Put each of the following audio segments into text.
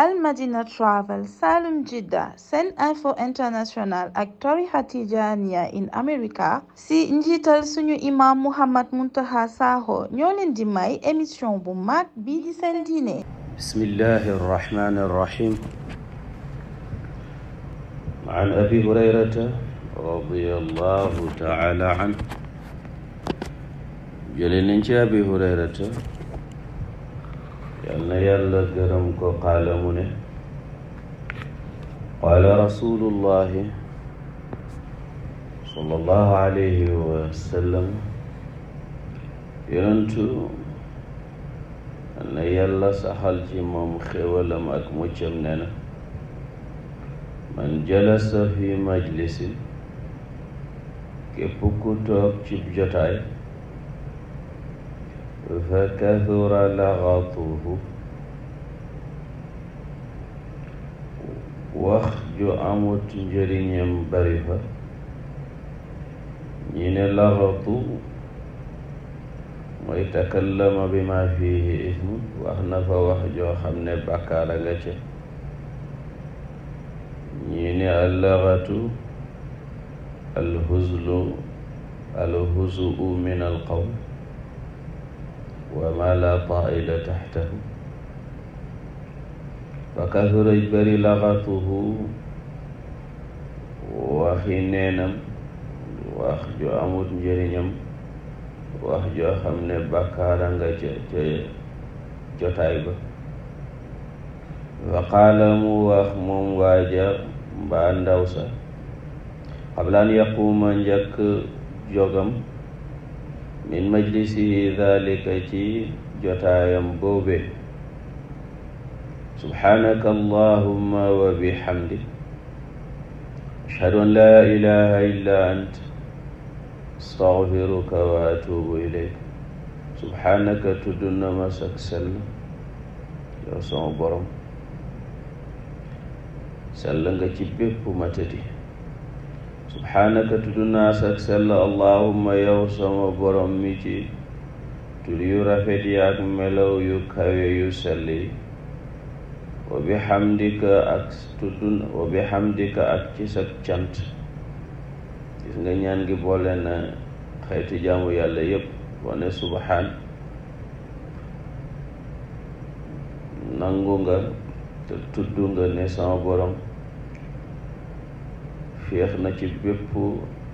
al madina travel salum jidda sen info international ak tarixa tijaniya in america si njiital suñu imam muhammad muntaha sakho ñoo leen may émission bu mag bii di seen diine bismillahi arrahmani arrahim an abi hurayrata radiyallahu taala anhu jële nañ ci abi hurayrata yal na yàlla gërëm ko qaala mu ne qaala rasulullahi sallallahu alayhi wa sallam yonentu yal na yàlla saxal ci moom xéwalam ak muccam ne na man jalasa fi majlisin képp ku ci jotaay fa kathura laxatuhu wax ju amut njëriñam bari fa ñi ne laxatu mooy takallama bi ma fihi ismu wax na fa wax joo xam ne bàkkaara nga ca ñi ne al laxatu al huzlu al huzu min al qawl wa ma la taila taxtahu fa kasuraj bari laxatuhu waxi neenam wax ju amut njëriñam wax joo xam ne bàkkaara nga ca ca jotaay ba fa qaala mu wax moom waaja mbaa ndaw sa jogam min majlisi dalika ci jotaayam boobe subhaanaka allahumma wa bihamdik ashhadu an laa ilaha illa ant astaghfiruka wa atubu ilayk subhaanaka tudd na ma sak sell yow sama borom sell nga ci bépp matadi subhaanaka tudd naa sag sell allahuma yow sama borom mi ci tur yu rafet yi ak melaw yu kawe yu sell yi wa bi xamdika ak tudd wa bi xamdika ak ci sag cant gis nga ñaan gi boole na xeetu jaamu yàlla yépp wane subhaan nangu nga tudd nga ne sama borom féex na ci bépp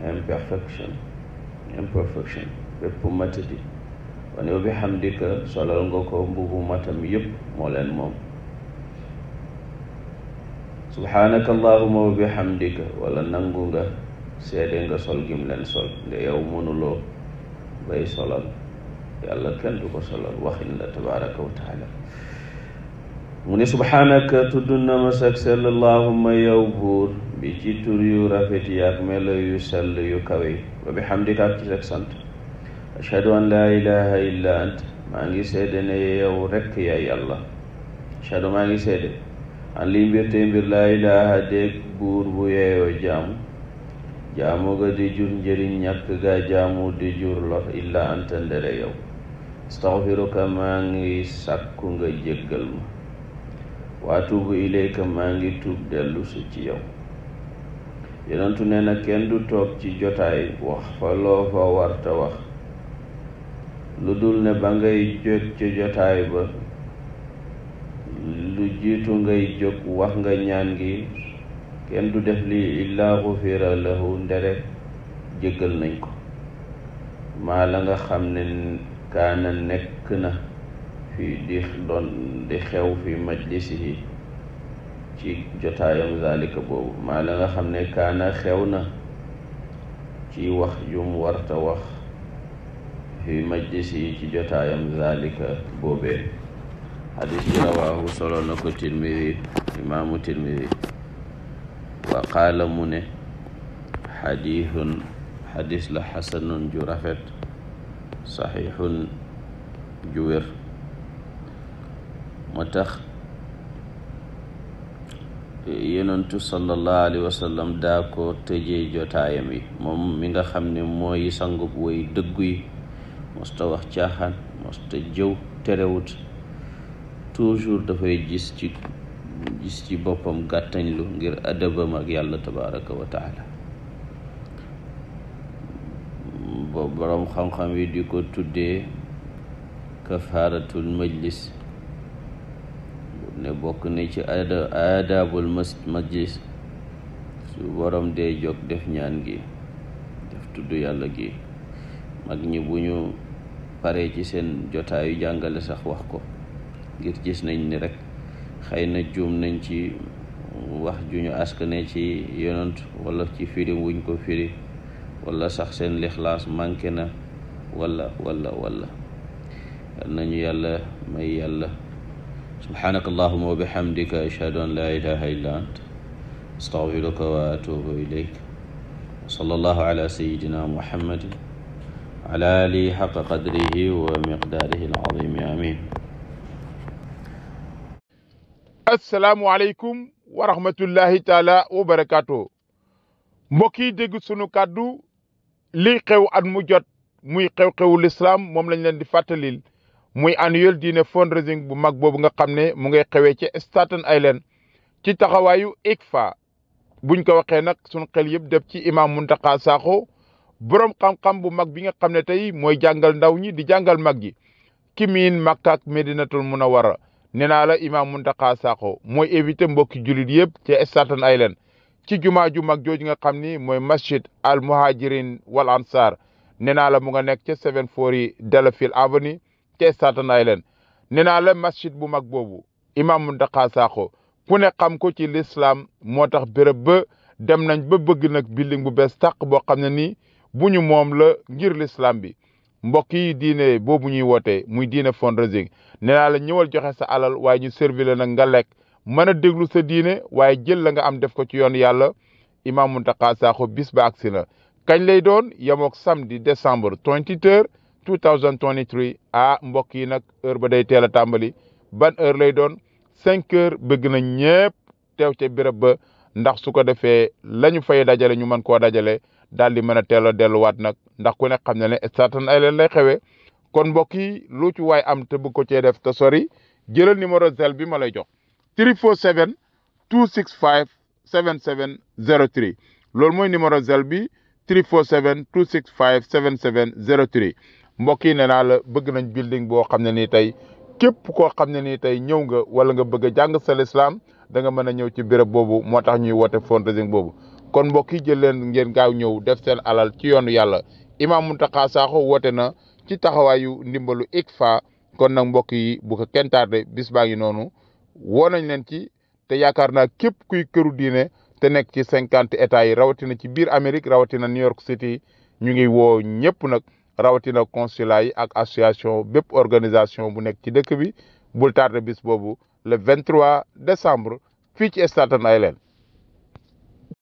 imperfection imperfection bépp matadi wane bi hamdika solal nga ko mbubu matam yépp moo leen moom subhaanaka allahuma wa bihamdika wala nangu nga seede nga sol gim leen sol nga yow mënuloo bay solal yàlla kenn du ko solal waxin la tabaraka wa taala mu subhaanaka tudd na ma sag sell allahuma yow buur bi ci tur yu rafet yi ak yu sell yu kawe wa bi xamdika ak ci rek sant an laa ilaha illa ant maa ngi seede ne yow rekk yaay yàlla ashhadu maa ngi seede an liy mbir tey mbir laa ilaha déeg buur bu yeeyoo jaamu jaamu ga di jur njëriñ ñàkk ga jaamu di jur lor illa anta ndere yow astaghfiruka maa ngi sàkku nga jéggal ma waatubu ilayka maa ngi tuub dellu si ci yow yonentu nee na kenn du toog ci jotaay wax fa loo fa warta wax lu dul ne ba ngay jóg ca jotaay ba lu jiitu ngay jóg wax nga ñaan gi kenn du def lii illaa xufira lahu ndere jéggal nañ ko maa la nga xam ne kaana nekk na fi di doon di xew fi majlisihi ci jotaayam zalika boobu maa xam ne kaana xew na ci wax jum warta wax fi majlis ci jotaayam zalika boobee xadis bi rawaahu solo na ko tirmidi imaamu tirmidi wa qaala mu ne xadihun xadis la xasanun ju rafet saxiixun ju wér moo yenentu sallallahu alayhi wa sallam daa ko tëjee jotaayam yi moom mi nga xam ne mooy sangub woy dëggu yi mosta wax caaxaan mosta jëw terewut toujours dafay gis ci gis ci boppam gàttañlu ngir adabam ak yàlla tabaraka wa taala xam-xam yi di ko tuddee kafaaratul majlis ne bokk na ci aada aadaabul majlis su borom dee jóg def ñaan gi def tudd yàlla gi mag ñi bu ñu paree ci seen jotaayu jàngale sax wax ko ngir gis nañ ni rek xëy na juum nañ ci wax ju ñu askane ci yonant wala ci firi wuñ ko firi wala sax seen lixlaas manqué na wala wala wala nañu yàlla may yàlla subhaanaka allahuma wa bihamdika ashhadu an laa ilaha illa ant astaghfiruka wa atubu ilayk wa sallallahu ala sayyidina muhammadin wa ala alihi haqqa qadrihi wa miqdaarihi al-azimi amin assalaamu aleykum wa rahmatullahi taala wa barakaatu mbokk yi dégg sunu kàddu lii xew at mu jot muy xew-xewu lislaam moom lañ leen di fàttalil muy annuel dîner fundraising bu mag boobu nga xam ne mu ngay xewee ci Staten Island ci taxawaayu ICFA buñ ko waxee nag sunu xel yëpp def ci mun Muntaqa saako borom xam-xam bu mag bi nga xam ne tey mooy jàngal ndaw ñi di jàngal mag gi ki miin Makka ak Medinatul Munawwara nee naa la mun Muntaqa saako mooy éviter mbokki jullit yëpp ci Staten Island ci jumaa ju mag jooju nga xam ni mooy masjid al muhajirin wal ansar nee naa la mu nga nekk ca 740 Delafield Avenue Thiès saatanaay leen nee naa la masjid bu mag boobu imam Mountakha Sakho ku ne xam ko ci lislaam moo tax béréb ba dem nañ ba bëgg nag building bu bees tàq boo xam ne nii bu ñu moom la ngir lislaam bi mbokk yi diine boobu ñuy wootee muy diine fundraising nee naa la ñëwal joxe sa alal waaye ñu servi nag nga lekk mën a déglu sa diine waaye jël la nga am def ko ci yoon yàlla imam Mountakha Sakho bis ba si na kañ lay doon yemook samedi décembre 20 2023 ah mbokk yi nag heure ba day teel a tàmbali ban heure lay doon cinq heures bëgg na ñëpp teew ca béréb ba ndax su ko defee la ñu fay dajale ñu mën koo dajale daal di mën a teel a delluwaat nag ndax ku ne xam na ne satan ay leen lay xewee kon mbokk yi lu ci waay am te bëgg ko cee def te sori jëlal numéro zel bi ma lay jox 347 zero 7703 loolu mooy numéro zel bi 347 265 7703 mbokk yi nee naa la bëgg nañ building boo xam ne nii tey képp koo xam ne nii tey ñëw nga wala nga bëgg a jàng sa lislaam da mën a ñëw ci béréb boobu moo tax ñuy woote fundraising boobu kon mbokk yi jël leen ngeen gaaw ñëw def seen alal ci yoonu yàlla Imam Mountakha Sakho woote na ci taxawaayu ndimbalu ICFA kon nag mbokk yi bu ko kenn tardé bis noonu woo nañ leen ci te yaakaar naa képp kuy këru diine te nekk ci cinquante états yi rawatina ci biir Amérique rawatina New York City ñu ngi woo ñëpp nag rawatina consulat ak association bépp organisation bu nekk ci dëkk bi bul tardé bis boobu le 23 décembre fii ci Staten Island